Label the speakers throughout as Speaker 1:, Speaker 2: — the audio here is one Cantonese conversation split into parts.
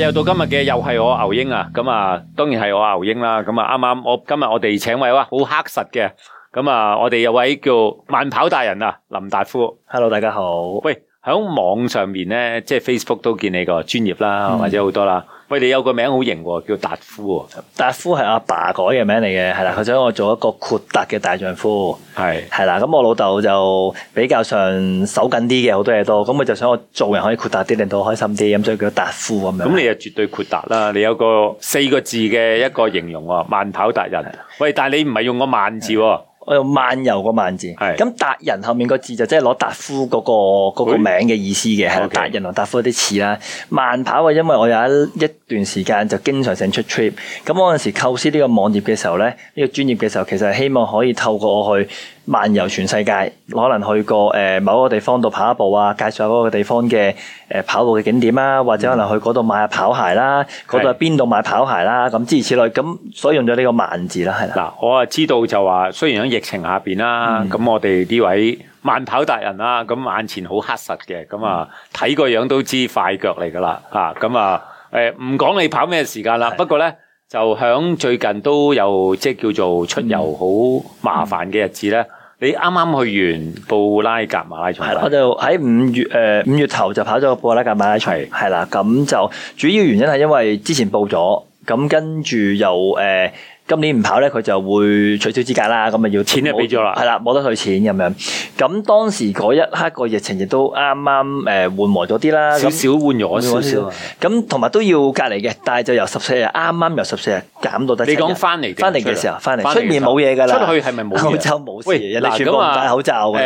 Speaker 1: 又到今日嘅又係我牛英啊，咁啊當然係我牛英啦，咁啊啱啱我今日我哋請位哇好黑實嘅，咁啊我哋有位叫漫跑達人啊林達夫，hello 大家好，喂響網上面咧即係 Facebook 都見你個專業啦，嗯、或者好多啦。喂，你有個名好型喎，叫達夫、哦。達夫係阿爸，爸改嘅名嚟嘅，係啦。佢想我做一個豁達嘅大丈夫，係係啦。咁我老豆就
Speaker 2: 比較上手緊啲嘅，好多嘢都。咁佢就想我做人可以豁達啲，令到我開心啲。咁所
Speaker 1: 以叫達夫咁樣。咁你就絕對豁達啦！你有個四個字嘅一個形容喎，漫跑的達人。的喂，但係你唔係用個慢字喎、哦。我用漫遊個漫字，咁達的人
Speaker 2: 後面個字就即係攞達夫嗰、嗰個、嗰個名嘅意思嘅，係達人同達夫啲似啦。漫跑啊，因為我有一一段時間就經常性出 trip，咁我嗰陣時構思呢個網頁嘅時候咧，呢、呢個專業嘅時候，其實係希望可以透過我去。漫遊全世界，可能去過誒某個地方度跑下步啊，介紹下嗰個地方嘅誒跑步嘅景點啊，或者可能去嗰度買下跑鞋啦，嗰度係邊度買跑鞋啦，咁諸如此之類，咁所以用咗呢、呢個慢字啦，係啦。嗱，
Speaker 1: 我啊知道就話，雖然喺疫情下邊啦，咁、嗯、我哋呢位慢跑達人啦，咁眼前好黑實嘅，咁啊睇個樣都知快腳嚟㗎啦，嚇、啊，咁啊誒唔講你跑咩時間啦，的不過咧就喺最近都有即係叫做出遊好麻煩嘅日子咧。嗯嗯。你啱啱去完布拉格馬拉松？係啦，我
Speaker 2: 就喺五月誒、呃、五月頭就跑咗布拉格馬拉松，係啦的，咁就主要原因係因為之前報咗，咁跟住又誒。呃今年唔跑咧，佢就會取消資格啦。咁咪要錢就，俾咗啦，係啦，冇得退錢咁樣。咁當時嗰一刻個疫情亦都啱啱誒緩和咗啲啦，少少緩和少少。咁同埋都要隔離嘅，但係就由十四日啱啱由十四日減到得。你講翻嚟，翻嚟嘅時候，翻嚟出面冇嘢㗎啦，出去係咪冇？就冇事，你全都唔戴口罩嘅，
Speaker 1: 誒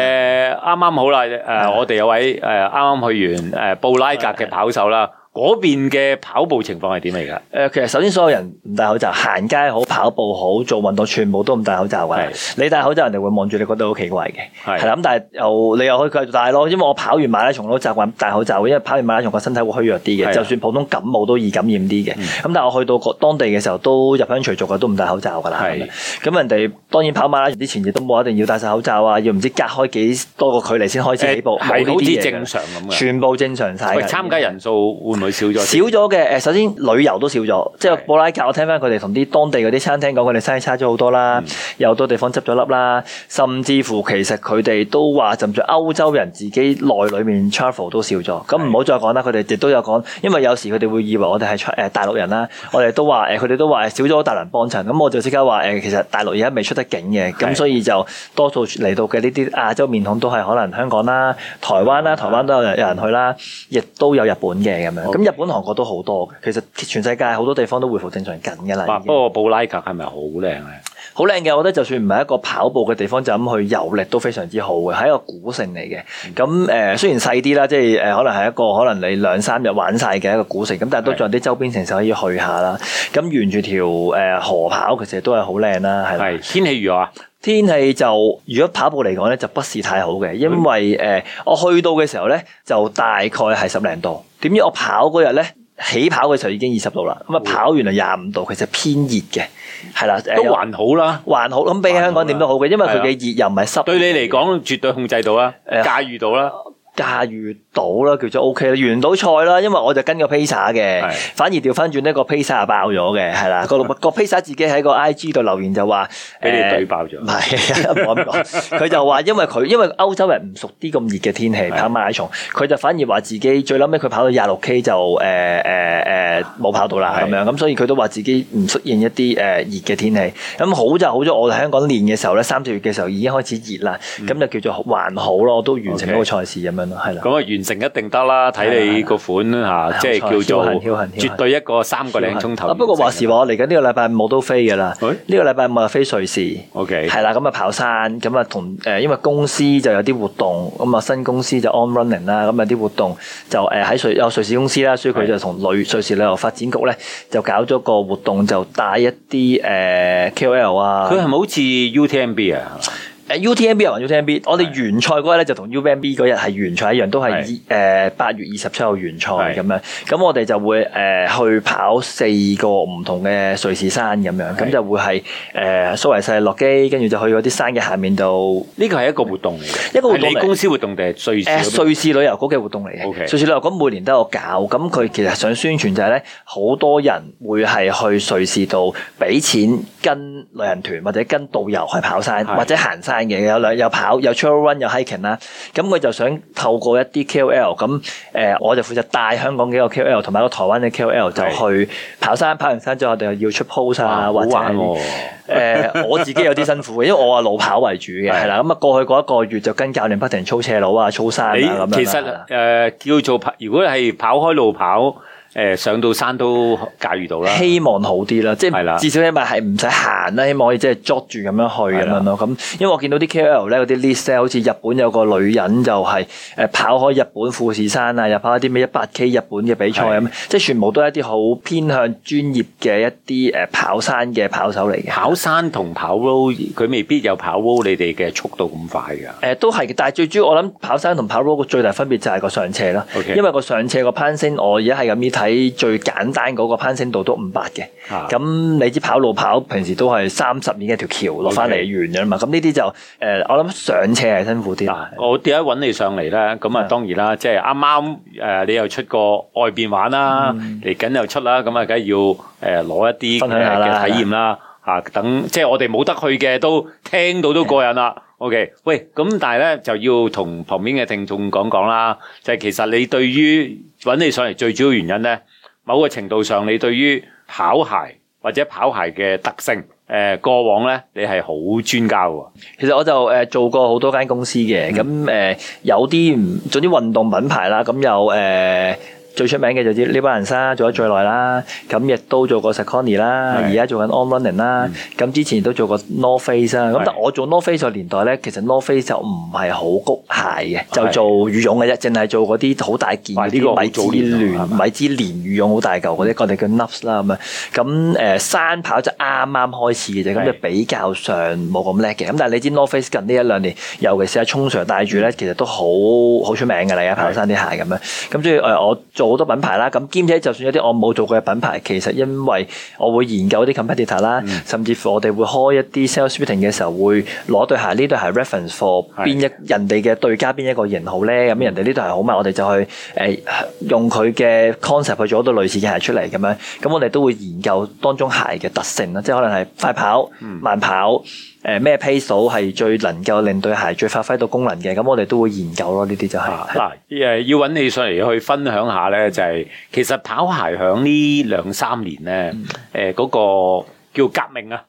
Speaker 1: 啱啱好啦，誒我哋有位誒啱啱去完誒布拉格嘅跑手啦。嗰邊嘅跑步情況係點嚟噶？
Speaker 2: 誒，其實首先所有人唔戴口罩，行街好，跑步好，做運動全部都唔戴口罩噶。你戴口罩，人哋會望住你，覺得好奇怪嘅。係啦，咁但係又你又可以繼續戴咯，因為我跑完馬拉松都習慣戴口罩，因為跑完馬拉松個身體會虛弱啲嘅，就算普通感冒都易感染啲嘅。咁但係我去到當地嘅時候，都入鄉隨俗，都唔戴口罩噶啦。咁人哋當然跑馬拉松之前亦都冇一定要戴晒口罩啊，要唔知隔開幾多個
Speaker 1: 距離先開始起步，係好似正常咁全
Speaker 2: 部正常晒。參
Speaker 1: 加人數少
Speaker 2: 咗嘅誒，首先旅遊都少咗，即係布拉格，我聽翻佢哋同啲當地嗰啲餐廳講，佢哋生意差咗好多啦，嗯、有好多地方執咗笠啦，甚至乎其實佢哋都話，甚至歐洲人自己內裏面 travel 都少咗，咁唔好再講啦。佢哋的亦都有講，因為有時佢哋會以為我哋係誒大陸人啦，我哋都話誒，佢哋都話少咗大量幫襯，咁我就即刻話誒，其實大陸而家未出得境嘅，咁所以就多數嚟到嘅呢啲亞洲面孔都係可能香港啦、台灣啦、台灣都有人去啦，亦都有日本嘅咁樣。咁日本、韓國都好多嘅，其實全世界好多地方都恢復正常緊嘅啦。嗱，
Speaker 1: 不過布拉格係咪
Speaker 2: 好靚啊？好靚嘅，我覺得就算唔係一個跑步嘅地方，就咁去遊歷都非常之好嘅，係一個古城嚟嘅。咁誒、嗯呃、雖然細啲啦，即係誒可能係一個可能你兩三日玩晒嘅一個古城，咁但係都仲有啲周邊城市可以去下啦。咁沿住條誒、呃、河跑，其實都係好靚啦，係。天氣如何啊？天氣就如果跑步嚟講咧，就不是太好嘅，因為誒的、呃，我去到嘅時候咧，就大概係十零度。點知我跑嗰日咧，起跑嘅時候已經二十度啦，咁啊的跑完嚟廿五度，其實偏熱嘅，係啦，都還好啦，還好咁，比起香港點都好嘅，因為佢嘅熱又唔係濕，濕對你嚟講絕對控制到啦，駕馭到啦。駕馭到啦，叫做 O K 啦，完到賽啦，因為我就跟個披薩嘅，的反而調翻轉呢個披薩爆咗嘅，係啦、er，個個披薩自己喺個 I G 度留言就話俾、 呃、你對爆咗，唔係，唔好佢就話因為佢因為歐洲人唔熟啲咁熱嘅天氣的跑馬拉松，佢就反而話自己最撚尾佢跑到廿六 K 就誒誒誒冇跑到啦咁樣，咁的的所以佢都話自己唔適應一啲誒熱嘅天氣，咁好就好咗。我哋香港練嘅時候咧，三四月嘅時候已經開始熱啦，咁、嗯嗯、就叫做還好咯，都完成一個
Speaker 1: 賽事咁樣。Okay 係啦，咁啊，完成一定得啦，睇你個款吓，對對對，即係叫做絕對一個三個零鐘頭。不過話時
Speaker 2: 話，我嚟緊呢個禮拜五都飛嘅啦。呢個禮拜五我飛瑞士。OK，係啦，咁啊跑山，咁啊同誒，因為公司就有啲活動，咁啊新公司就 On Running 啦，咁有啲活動就誒喺瑞有瑞士公司啦，所以佢就同瑞的瑞士旅遊發展局咧就搞咗個活動，就帶一啲誒、呃、KOL 啊。佢係咪好似 UTMB 啊？U T M B 又話 U T M B，< 是的 S 1> 我哋原賽嗰日咧就同 U M B 嗰日係原賽一樣，都係二八月二十七號原賽咁樣。咁是的 我哋就會誒去、呃、跑四個唔同嘅瑞士山咁樣，咁是的 就會係誒蘇黎世、呃、位位落基，跟住就去嗰啲山嘅下面度。呢個係一個活動嚟嘅，一個活動公司
Speaker 1: 活動定係瑞士？誒、呃，瑞士
Speaker 2: 旅遊局嘅活動
Speaker 1: 嚟嘅。Okay 瑞士旅
Speaker 2: 遊局每年都有搞。咁佢其實想宣傳就係咧，好多人會係去瑞士度俾錢跟旅行團或者跟導遊去跑山是的 或者行山。嘢有兩有跑有 trail run 有 hiking 啦，咁我就想透過一啲 KOL 咁，誒、呃、我就負責帶香港幾個 KOL 同埋一個台灣嘅 KOL 就去跑山。的跑完山之後我哋又要出 post 啊，哦、或者
Speaker 1: 誒、呃、 我自己有啲
Speaker 2: 辛苦，嘅，因為我係路跑為主嘅，係啦的，咁啊過去嗰一個月就跟教練不停操斜路啊、操山咁、啊、樣其實
Speaker 1: 誒的、呃、叫做如果係跑開路跑。誒上到山都駕馭到啦，希望好啲啦，即係的至少
Speaker 2: 起碼係唔使行啦，希望可以即係捉住咁樣去咁樣啦。咁的因為我見到啲 KOL 咧，嗰啲 list 好似日本有個女人就係誒跑開日本富士山啊，又跑啲咩一百 K 日本嘅比賽咁，的即係全部都係一啲好偏向專業嘅一啲誒跑山嘅跑手嚟嘅。
Speaker 1: 跑山同跑 road，佢未必有跑 road 你哋嘅速度咁快㗎。
Speaker 2: 誒都係嘅，但係最主要我諗跑山同跑 road 個最大分別就係個上斜啦，Okay. 因為個上斜個攀升，我而家係咁喺最簡單嗰個攀升度都五百嘅，咁、啊、你知跑路跑平時都係三十米一條橋落翻嚟完嘅啦嘛，咁呢啲就誒、呃，我諗上斜係辛苦啲、啊、
Speaker 1: 我點解揾你上嚟咧？咁啊，當然啦，即係啱啱誒，你又出個外邊玩啦，嚟緊、嗯、又出啦，咁啊，梗係要誒攞一啲嘅體驗啦。嗯嚇！等即係我哋冇得去嘅，都聽到都過癮啦。OK，喂咁，但係咧就要同旁邊嘅聽眾講講啦。就係其實你對於搵你上嚟最主要原因咧，某個程度上你對於跑鞋或者跑鞋嘅特性，誒過往咧，你係好專家㗎。其實我就誒做過好多間公司嘅，咁
Speaker 2: 誒有啲做啲運動品牌啦，咁有誒。最出名嘅就知呢班人生做咗最耐啦。咁亦都做過 Saucony 啦，而家做緊 On Running 啦。咁之前都做過 North Face 啦。咁但我做 North Face 個年代咧，其實 North Face 就唔係好谷鞋嘅，是的 就做羽絨嘅啫，淨係做嗰啲好大件呢啲、哎這個、米芝蓮、嗎米芝蓮羽絨好大嚿嗰啲，我哋叫 Nubs 啦咁樣。咁誒山跑就啱啱開始嘅啫，咁就比較上冇咁叻嘅。咁但係你知 North Face 近呢一兩年，尤其是喺沖上戴住咧，其實都好好出名㗎啦，跑山啲鞋咁樣。咁即係誒我。做好多品牌啦，咁兼且就算有啲我冇做過嘅品牌，其實因為我會研究啲 competitor 啦，嗯、甚至乎我哋會開一啲 sales meeting 嘅時候，會攞對鞋呢對鞋 reference for 邊是的 一，人哋嘅對家邊一個型號咧，咁、嗯、人哋呢對鞋好嘛，我哋就去誒、呃、用佢嘅 concept 去做一對類似嘅鞋出嚟咁樣。咁我哋都會研究當中鞋嘅特性啦，即係可能係快跑、嗯、慢跑。誒，咩 pair 數係最能夠令對鞋最發揮到功能嘅，咁我哋都會研究咯，呢啲就係、
Speaker 1: 是、嗱，誒，要揾你上嚟去分享下咧、就是，就係其實跑鞋響呢兩三年咧，誒、嗯，嗰、呃那個叫革命啊，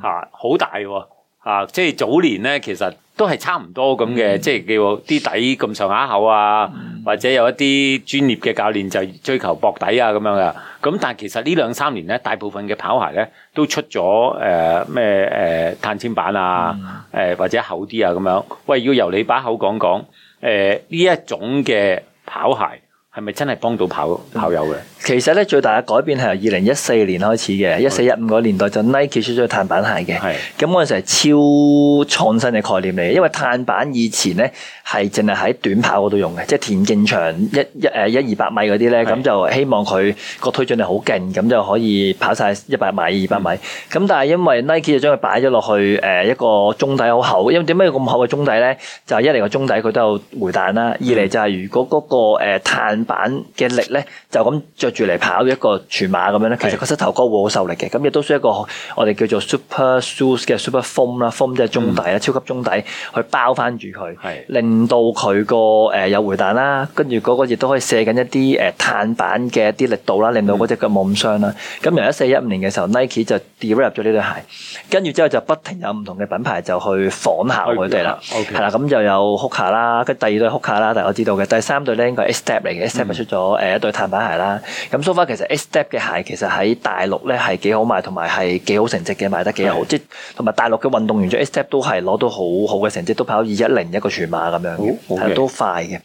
Speaker 1: 吓好、嗯啊、大喎、啊，吓、啊、即係早年咧，其實都係差唔多咁嘅，嗯、即係叫啲底咁上下厚啊。嗯嗯或者有一啲專業嘅教練就追求薄底啊咁樣㗎，咁但係其實呢兩三年咧，大部分嘅跑鞋咧都出咗誒咩誒碳纖板啊，誒、呃、或者厚啲啊咁樣。喂，要由你把口講講誒呢一種嘅跑鞋。係咪真係幫到跑跑友嘅？
Speaker 2: 其實咧，最大嘅改變係由二零一四年開始嘅，一四一五嗰年代就 Nike 出咗碳板鞋嘅。係的。咁嗰陣時係超創新嘅概念嚟嘅，因為碳板以前咧係淨係喺短跑嗰度用嘅，即係田徑場一一誒一二百米嗰啲咧，咁的就希望佢個推進力好勁，咁就可以跑晒一百米、二百米。咁、嗯、但係因為 Nike 就將佢擺咗落去誒一個中底好厚，因為點解要咁厚嘅中底咧？就係、一嚟個中底佢都有回彈啦，二嚟就係如果嗰個誒碳。板嘅力咧，就咁着住嚟跑一個全馬咁樣咧，其實個膝頭哥會好受力嘅，咁亦都需要一個我哋叫做 super shoes 嘅 super foam 啦，foam 即係中底啊，嗯、超級中底去包翻住佢，令到佢個誒有回彈啦，跟住嗰個亦都可以射緊一啲誒碳板嘅一啲力度啦，令到嗰隻腳冇咁傷啦。咁由一四一五年嘅時候，Nike 就 develop 咗呢對鞋，跟住之後就不停有唔同嘅品牌就去仿效佢哋啦，係啦、哦，咁、okay。就有 Hoka 啦，跟第二對 Hoka 啦，大家知道嘅，第三對咧應該係 step 嚟嘅。s, s t p 咪出咗誒一對碳板鞋啦，咁 so far 其實 step 嘅鞋其實喺大陸咧係幾好賣，同埋係幾好成績嘅，賣得幾好，的即係同埋大陸嘅運動員著 step 都係攞到好好嘅成績，都跑二一零一個全馬咁樣
Speaker 1: 的，係都快嘅。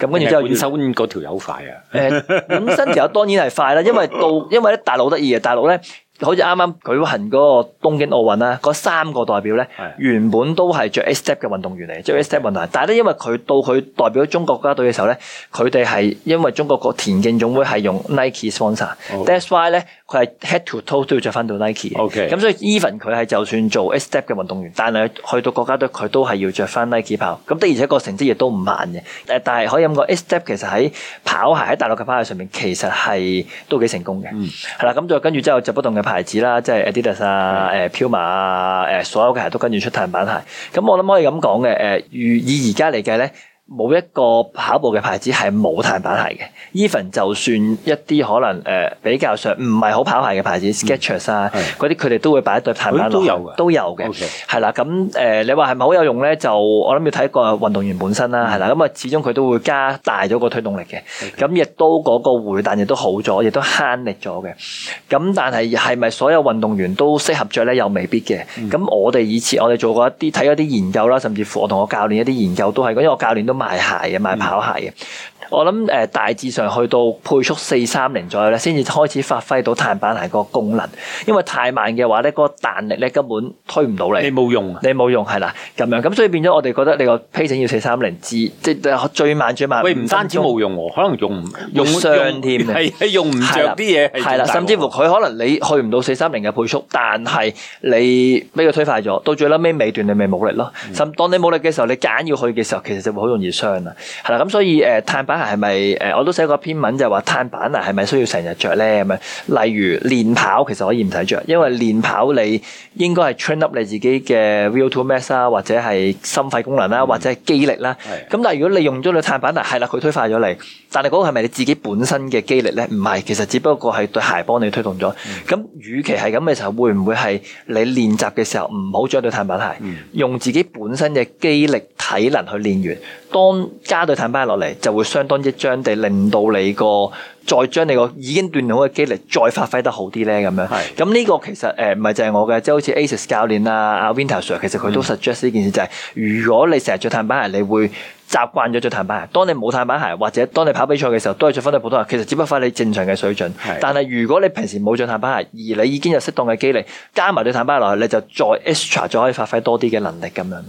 Speaker 1: 咁跟住之後，本身嗰條友快啊，誒
Speaker 2: 本身條友當然係快啦，因為到 因為咧大陸得意啊，大陸咧。好似啱啱舉行嗰個東京奧運啦，嗰三個代表咧，原本都係着 A Step 嘅運動員嚟，著 A Step 運動員，但係咧因為佢到佢代表中國國家隊嘅時候咧，佢哋係因為中國個田徑總會係用 Nike sponsor，that's Okay. why 咧佢係 head to toe 都要着翻到 Nike OK，咁所以 Even 佢係就算做 A Step 嘅運動員，但係去到國家隊佢都係要着翻 Nike 跑，咁的而且確成績亦都唔慢嘅，但係可以咁講，A Step 其實喺跑鞋喺大陸嘅跑鞋上面其實係都幾成功嘅，係啦、嗯，咁就跟住之後就不斷嘅牌子啦，即係 Adidas 啊，誒 Puma 啊，誒所有嘅鞋都跟住出碳板鞋，咁我諗可以咁講嘅，誒、呃，以以而家嚟計咧。冇一個跑步嘅牌子係冇碳板鞋嘅。Even 就算一啲可能誒、呃、比較上唔係好跑鞋嘅牌子，Skechers、嗯、啊，嗰啲佢哋都會擺一對碳板落、哦。都有嘅，都有嘅，係啦 Okay.。咁誒、呃，你話係咪好有用咧？就我諗要睇個運動員本身啦，係啦、嗯。咁啊，始終佢都會加大咗個推動力嘅。咁 Okay. 亦都嗰個回彈亦都好咗，亦都慳力咗嘅。咁但係係咪所有運動員都適合著咧？又未必嘅。咁、嗯、我哋以前我哋做過一啲睇一啲研究啦，甚至乎我同我教練一啲研究都係因為我教練都。賣鞋啊，賣跑鞋啊。我諗誒、呃、大致上去到配速四三零左右咧，先至開始發揮到碳板鞋個功能。因為太慢嘅話咧，嗰、那個彈力咧根本推唔到你。你冇用、啊、你冇用係啦，咁樣咁所以變咗我哋覺得你個配程要四三零至即係最慢最慢。最慢喂，唔單止冇用喎、啊，可能用用傷添嘅，用唔著啲嘢係點，甚至乎佢可能你去唔到四三零嘅配速，但係你俾佢推快咗，到最尾尾段你咪冇力咯。咁、嗯、當你冇力嘅時候，你揀要去嘅時候，其實就會好容易傷啦。係啦，咁所以誒碳板。係咪？誒、呃，我都寫過篇文就話、是、碳板鞋係咪需要成日着咧？咁樣，例如練跑其實可以唔使着，因為練跑你應該係 train up 你自己嘅 VO2 max 啦，或者係心肺功能啦，或者係肌力啦。咁、嗯、但係如果你用咗對碳板鞋，係啦、嗯，佢的推快咗你。但係嗰個係咪你自己本身嘅肌力咧？唔係，其實只不過係對鞋幫你推動咗。咁、嗯，與其係咁嘅時候，會唔會係你練習嘅時候唔好着對碳板鞋，嗯、用自己本身嘅肌力、體能去練，練完？當加對碳板鞋落嚟，就會相當一張地，令到你個再將你個已經鍛鍊好嘅肌力再發揮得好啲咧，咁樣。咁呢是個其實誒唔係就係我嘅，即、就、係、是、好似 Asics 教練啊、阿 Winter Sir 啊，其實佢都 suggest 呢、嗯、件事就係、是，如果你成日着碳板鞋，你會。習慣咗着碳板鞋，當你冇碳板鞋或者當你跑比賽嘅時候，都係着翻對普通鞋。其實只不過你正常嘅水準。的但係如果你平時冇着碳板鞋，而你已經有適當嘅肌力，加埋對碳板鞋落去，你就再 extra 再可以發揮多啲嘅能力咁樣。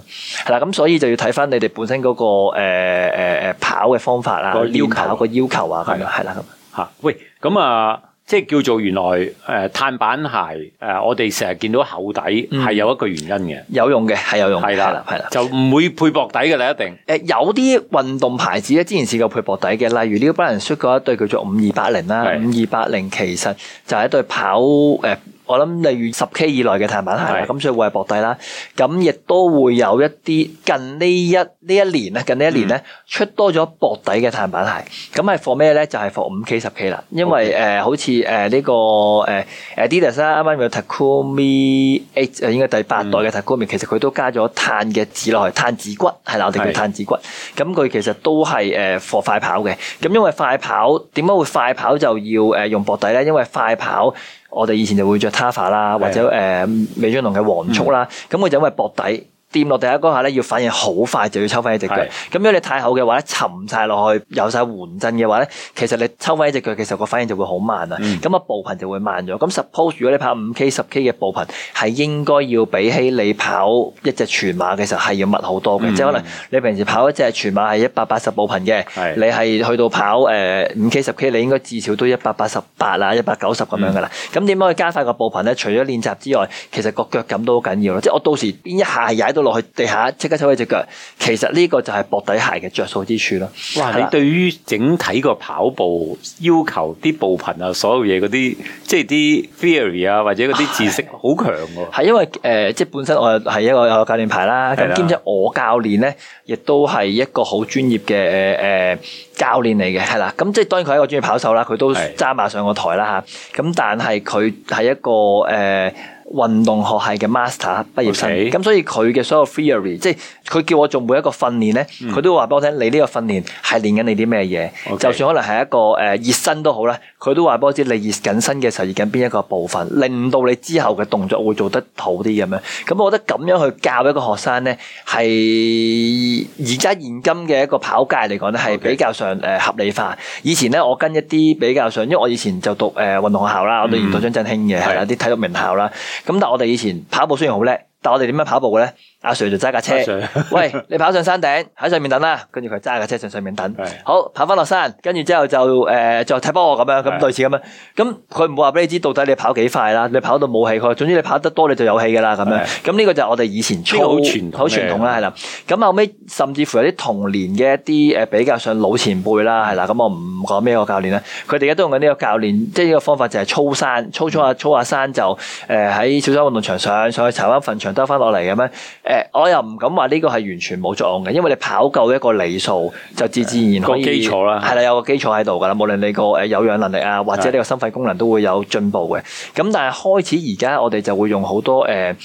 Speaker 2: 係啦，咁所以就要睇翻你哋本身嗰、嗰個誒
Speaker 1: 誒、呃呃、跑嘅方法個要求，個要求，要求的啊，咁樣係啦，咁嚇。喂，咁啊。即係叫做原來誒、呃、碳板鞋誒、呃，我哋成日見到厚底係、嗯、有一個原因嘅，有用嘅係有用，係啦係啦，就唔會配薄底嘅咧，一定、呃。誒有啲
Speaker 2: 運動牌子咧，之前試過配薄底嘅，例如呢個 New Balance 出嗰一對叫做五二八零啦，五二八零其實就係一對跑誒。呃我諗例如十 K 以內嘅碳板鞋，咁是所以會係薄底啦。咁亦都會有一啲近呢一呢一年咧，近呢一年咧、嗯、出多咗薄底嘅碳板鞋。咁係 for 咩咧？就係 for 五 K 十 K 啦。因為誒 Okay.、呃，好似誒呢、呃、個誒 Adidas 啱，啊、啱有 Takumi H，應該第八代嘅 Takumi，、嗯、其實佢都加咗碳嘅字落去，碳子骨係啦，我哋叫碳子骨。咁佢的其實都係誒 for 快跑嘅。咁因為快跑點解會快跑就要誒用薄底咧？因為快跑。我哋以前就會着 Taffa 啦，或者誒、呃、美津濃嘅黃速啦，咁佢、嗯、就因為薄底。掂落第一個下咧，要反應好快就要抽翻一隻腳。咁是的 如果你太厚嘅話咧，沉晒落去，有晒緩震嘅話咧，其實你抽翻一隻腳，其實個反應就會好慢啊。咁啊、嗯、步頻就會慢咗。咁 suppose 如果你跑五 k 十 k 嘅步頻，係應該要比起你跑一隻全馬嘅時候係要密好多嘅。嗯、即係可能你平時跑一隻全馬係一百八十步頻嘅，嗯、你係去到跑誒五 k 十 k，你應該至少都一百八十八啊一百九十咁樣噶啦。咁點樣去加快個步頻咧？除咗練習之外，其實個腳感都好緊要咯。即係我到時邊一下踩到，落去地下，即刻抽起隻腳。其實呢個就係薄底鞋嘅
Speaker 1: 着數之處咯。哇的你對於整體個跑步要求啲步頻啊，所有嘢嗰啲，即係啲 theory 啊，或者嗰啲知識好強嘅。係的因為誒、呃，
Speaker 2: 即係本身我係一個教練牌啦，咁兼且我教練咧，亦都係一個好專業嘅誒、呃、教練嚟嘅，係啦。咁即係當然佢係一個專業跑手啦，佢都揸馬上個台啦吓。咁的但係佢係一個誒。呃運動學系嘅 master 畢業生，咁 Okay. 所以佢嘅所有 theory，即係佢叫我做每一個訓練咧，佢都話俾我聽：你呢個訓練係練緊你啲咩嘢？Okay. 就算可能係一個誒熱身好都好啦，佢都話俾我知你熱緊身嘅時候熱緊邊一個部分，令到你之後嘅動作會做得好啲咁樣。咁我覺得咁樣去教一個學生咧，係而家現今嘅一個跑界嚟講咧，係比較上誒合理化。以前咧，我跟一啲比較上，因為我以前就讀誒運動學校啦，我讀完讀張振興嘅係一啲體育名校啦。咁但係我哋以前跑步雖然好叻，但我哋點樣跑步嘅咧？阿 Sir 就揸架車，喂，你跑上山頂喺上面等啦，跟住佢揸架車上上面等，好跑翻落山，跟住之後就誒再踢波咁樣，咁類似咁樣，咁佢唔會話俾你知到底你跑幾快啦，你跑到冇氣佢，總之你跑得多你就有氣噶啦咁樣，咁呢個就我哋以前操好傳統啦係啦，咁後尾，甚至乎有啲童年嘅一啲誒比較上老前輩啦係啦，咁我唔講咩個教練啦，佢哋而家都用緊呢個教練，即係呢個方法就係操山，操操下操下山就誒喺小山運動場上上去柴灣墳場，兜翻落嚟咁樣。我又唔敢話呢個係完全冇作用嘅，因為你跑夠一個里數，就自自然然個基礎可以係啦、嗯，有個基礎喺度噶啦。無論你個誒有氧能力啊，或者你個心肺功能都會有進步嘅。咁是的 但係開始而家我哋就會用好多誒。呃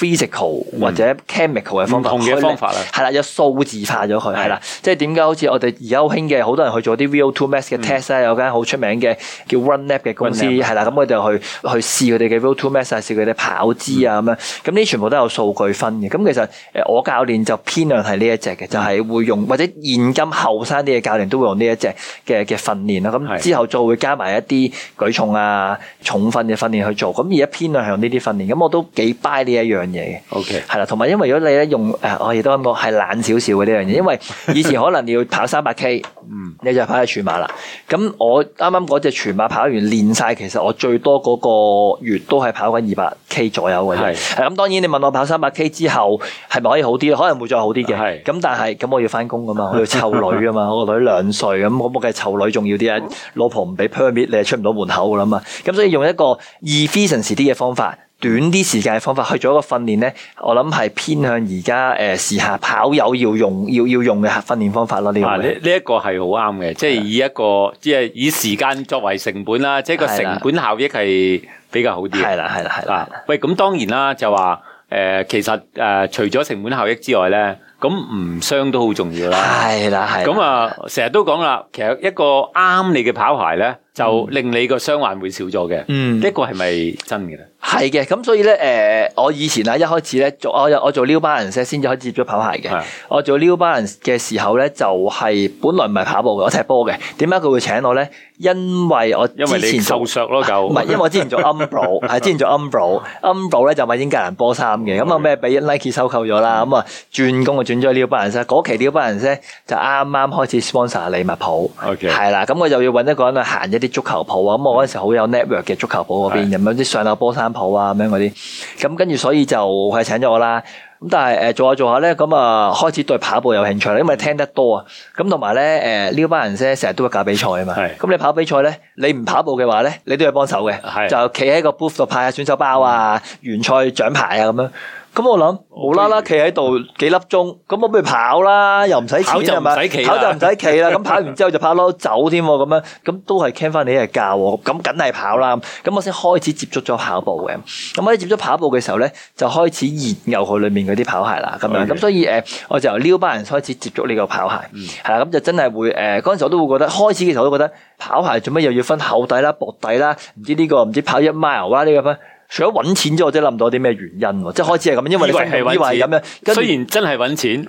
Speaker 2: physical、嗯、或者 chemical 嘅方法，唔同嘅方法啦，係啦它，有數字化咗佢，係啦的，即係點解好似我哋而家好興嘅，好多人去做啲 VO2max s 嘅 test 啊，有間好出名嘅叫 RunApp 嘅公司，係啦，咁佢哋去去試佢哋嘅 VO2max 啊，試佢哋跑姿啊咁、嗯、樣，咁呢全部都有數據分嘅，咁其實我教練就偏向係呢一隻嘅，就係、是、會用或者現今後生啲嘅教練都會用呢一隻嘅嘅訓練啦，咁之後再會加埋一啲舉重啊、重訓嘅訓練去做，咁而家偏向係用呢啲訓練，咁我都幾 buy 呢一樣。嘢嘅，OK，係啦，同埋因為如果你咧用，誒、啊，我亦都諗過係懶少少嘅呢樣嘢，因為以前可能你要跑三百 K， 嗯，你就跑咗全馬啦。咁我啱啱嗰隻全馬跑完練晒，其實我最多嗰個月都係跑緊二百 K 左右嘅。係是，咁、嗯、當然你問我跑三百 K 之後係咪可以好啲？可能會再好啲嘅。係是，咁但係咁我要翻工噶嘛，我要湊女噶嘛， 我個女兩歲，咁咪我計湊女重要啲啊？老婆唔俾 permit，你係出唔到門口噶啦嘛。咁所以用一個 efficient 啲嘅方法。短啲時間嘅方法去做一個訓練咧，我諗係偏向而家誒時下跑友要用要要用嘅訓練方法咯。
Speaker 1: 呢、啊呢個係呢一個係好啱嘅，的即係以一個即係以時間作為成本啦，的即係個成本效益係比較好啲。係啦，係啦，係啦、啊。喂，咁當然啦，就話誒、呃、其實誒、呃、除咗成本效益之外咧，咁唔傷都好重要啦。係啦，係。咁啊，成日都講啦，其實一個啱你嘅跑鞋咧，就令你個傷患會少咗嘅。嗯，呢個係咪真嘅咧？的係嘅，咁所以咧，誒、呃，我以前啊，一開
Speaker 2: 始咧，做我我做 New Balance 先至開始接咗跑鞋嘅。的我做 New Balance 嘅時候咧，就係、是、本來唔係跑步嘅，我踢波嘅。點解佢會請我咧？因為我之前做削咯舊，唔係因，因為我之前做 umbro， 之前做 umbro，umbro 咧 就賣、是、英格蘭波衫嘅。咁啊咩俾 Nike 收購咗啦，咁啊 轉工啊轉咗 New Balance, Balance。嗰期 New Balance 就啱啱開始 sponsor 利物浦，係啦 Okay.，咁我就要揾一個人去行一啲足球鋪啊。咁我嗰陣時好有 network 嘅足球鋪嗰邊，咁的有啲上流波衫。跑啊咁樣啲，咁跟住所以就係請咗我啦。咁但係誒、呃、做下做下咧，咁、呃、啊開始對跑步有興趣啦。因為你聽得多啊，咁同埋咧誒呢、呃、班人啫，成日都會搞比賽啊嘛。咁的你跑比賽咧，你唔跑步嘅話咧，你都要幫手嘅，的就企喺個 booth 度派下選手包啊、完賽獎牌啊咁樣。咁我諗無啦啦企喺度幾粒鐘，咁我不如跑啦，又唔使錢係咪？跑就唔使企啦。咁跑， 跑完之後就跑咯，走添咁樣，咁都係傾翻你一日教我，咁梗係跑啦。咁我先開始接觸咗跑步嘅，咁我一接觸跑步嘅時候咧，就開始研究佢裏面嗰啲跑鞋啦，咁樣咁的所以誒，我就由撩班人開始接觸呢個跑鞋，係啦、嗯，咁就真係會誒嗰陣時我都會覺得，開始嘅時候我都覺得跑鞋做乜又要分厚底啦、薄底啦，唔知呢、這個唔知跑一 mile 呢個咩。除咗揾錢之外，我真諗唔到啲咩原因喎。即係開始係咁，因為你以為咁樣。然雖然
Speaker 1: 真係揾錢，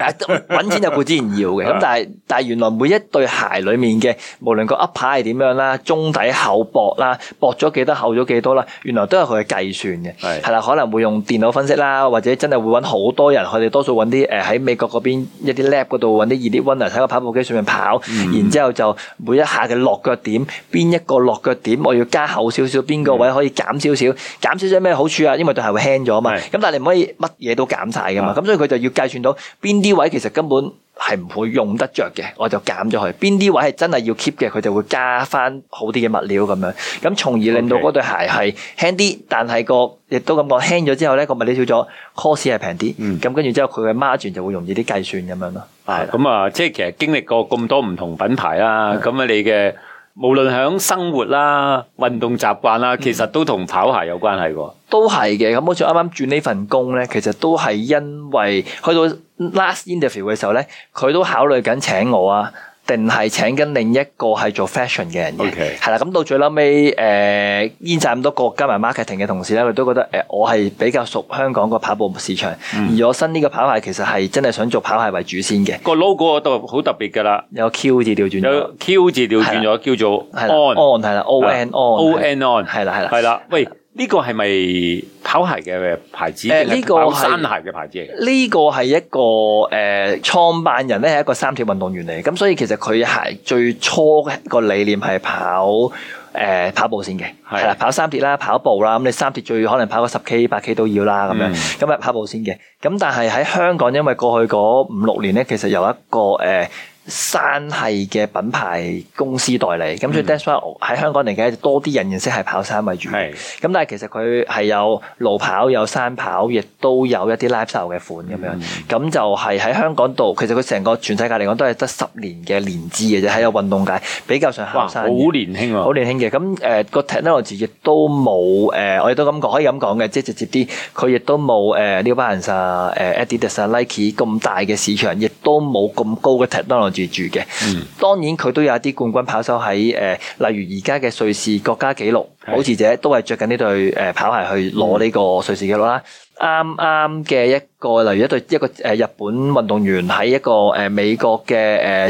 Speaker 1: 揾錢固之然要嘅。咁 但係，
Speaker 2: 但係原來每一對鞋裏面嘅，無論個 upper 係點樣啦，中底厚薄啦，薄咗幾多，厚咗幾多啦，原來都係佢嘅計算嘅。係係啦，可能會用電腦分析啦，或者真係會揾好多人，佢哋多數揾啲誒喺美國嗰邊一啲 lab 嗰度揾啲 elite runner 啦，喺個跑步機上面跑，嗯、然之後就每一下嘅落腳點，邊一個落腳點我要加厚少少，邊個，個位可以減少少，減少，少。即咩好處啊？因為對鞋會輕咗嘛，咁是但係你唔可以乜嘢都減晒噶嘛，咁是所以佢就要計算到邊啲位其實根本係唔會用得着嘅，我就減咗佢；邊啲位係真係要 keep 嘅，佢就會加翻好啲嘅物料咁樣，咁從而令到嗰對鞋係輕啲，Okay. 但係個亦都咁講輕咗之後咧，個物料少咗，cost
Speaker 1: 係平啲，咁跟住之後佢嘅 margin 就會容易啲計算咁樣咯。係咁啊，即係、嗯嗯、其實經歷過咁多唔同品牌啦，咁啊你嘅。無論喺生活啦、運動習慣啦，其實都同跑鞋有關係噶、嗯。
Speaker 2: 都係嘅，咁好似啱啱轉呢份工咧，其實都係因為去到 last interview 嘅時候咧，佢都考慮緊請我啊。定係請緊另一個係做 fashion 嘅人 OK 係啦。咁到最尾，誒，召集咁多國家埋 marketing 嘅同事咧，佢都覺得誒，我係比較熟香港個跑步市場，而我新呢個跑鞋其實係真係想做跑鞋為主先嘅。
Speaker 1: 個 logo 我都好特別㗎啦，有 Q 字調轉咗，Q 字調轉咗，叫做 on，係啦，on，on，on，on，on，係啦，係啦，係啦，喂。呢個係咪跑鞋嘅牌子？誒，呢個係山鞋嘅牌子。
Speaker 2: 呢個係一個誒創、呃、辦人咧係一個三鐵運動員嚟，咁所以其實佢係最初個理念係跑誒、呃、跑步先嘅，係啦跑三鐵啦，跑步啦，咁你三鐵最可能跑個十10 K 百 K 都要啦咁、嗯、樣，咁係跑步先嘅。咁但係喺香港，因為過去嗰五六年咧，其實有一個誒。呃山系嘅品牌公司代理，咁、嗯、所以 Desfile 喺香港嚟嘅多啲人認識係跑山為主，咁是但係其實佢係有路跑，有山跑，亦都有一啲 Live 拉手嘅款咁、嗯、樣，咁就係喺香港度，其實佢成個全世界嚟講都係得十年嘅年資嘅啫，喺個運動界比較上下，好年輕啊，好年輕嘅，咁誒個 technology 亦都冇誒、呃，我哋都咁講，可以咁講嘅，即係直接啲，佢亦都冇 New Balance Adidas 啊 Nike 咁大嘅市場，亦都冇咁高嘅 technology 住住嘅，嗯、當然佢都有一啲冠軍跑手喺誒，例如而家嘅瑞士國家紀錄保持者是，都係着緊呢對誒跑鞋去攞呢個瑞士紀錄啦。啱啱嘅一，個例如一對一個誒日本運動員喺一個誒美國嘅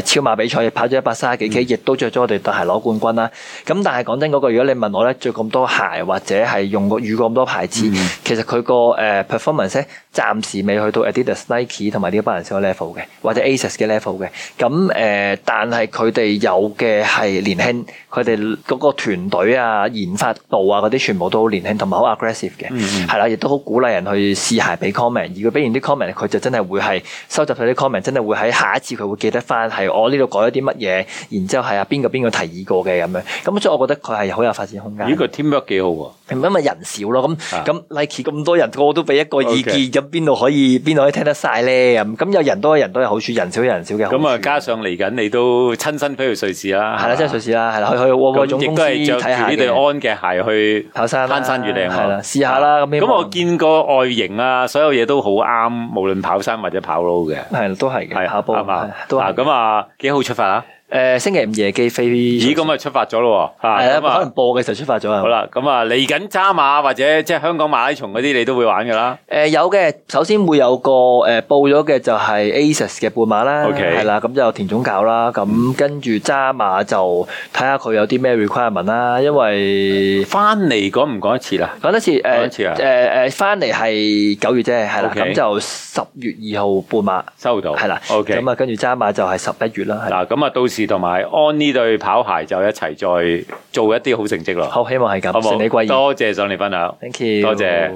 Speaker 2: 誒超馬比賽跑咗一百三十幾 K，亦都着咗我哋對鞋攞冠軍啦。咁但係講真嗰個，如果你問我咧，着咁多鞋或者係用過遇咁多牌子，嗯嗯其實佢個誒 performance 暫時未去到 Adidas、Nike 同埋呢一班人先個 level 嘅，或者 Asics 嘅 level 嘅。咁誒，但係佢哋有嘅係年輕，佢哋嗰個團隊啊、研發度啊嗰啲，全部都好年輕同埋好 aggressive 嘅，係啦，亦都好鼓勵人去試鞋、comments，俾 comment，啲 comment 佢就真係會係收集佢啲 comment，真係會喺下一次佢會記得翻係我呢度改咗啲乜嘢，然之後係啊邊個邊個提議過嘅咁樣。咁所以我覺得佢係好有發展空間。咦、啊，佢
Speaker 1: teamwork 幾好喎？
Speaker 2: 咁咪人少咯，咁咁 Nike 咁多人個個都俾一個意見，咁邊度可以邊度可以聽得晒咧？咁、啊、有人多人都有好處，人少人少嘅。咁
Speaker 1: 啊，加上嚟緊你都親身飛去瑞士啦，係啦，真係瑞士啦，係啦，去去沃哥總公司睇下呢對安嘅鞋去攀山、啊。攀山越嶺係啦，試下啦。咁、啊、我見個外形啊，所有嘢都好無論跑山或者跑路嘅，係都係嘅，係的跑步係嘛，嗱咁吧啊，幾號出發啊？誒，星期五夜機飛，咦咁啊出發咗咯喎，係啊，可能播嘅時候出發咗啊。好啦，咁啊嚟緊揸馬或者即係香港馬拉松嗰啲，你都會玩噶啦。誒，有嘅，首
Speaker 2: 先會有個誒報咗嘅就係 Asics 嘅半馬啦，OK，係啦，咁就田總搞啦，咁跟住揸馬就睇下佢有啲咩 requirement 啦。因為
Speaker 1: 翻嚟講唔講一次啦？講一次誒，
Speaker 2: 誒誒，翻嚟係九月啫，係啦，咁就十月二號半馬收到，係啦，OK，咁啊跟住揸馬就係十一月啦。
Speaker 1: 嗱，咁啊到時。同埋安呢對跑鞋就一齊再做一啲好成績咯。好，希望係咁，承你貴言，多謝上嚟分享，Thank you，多謝。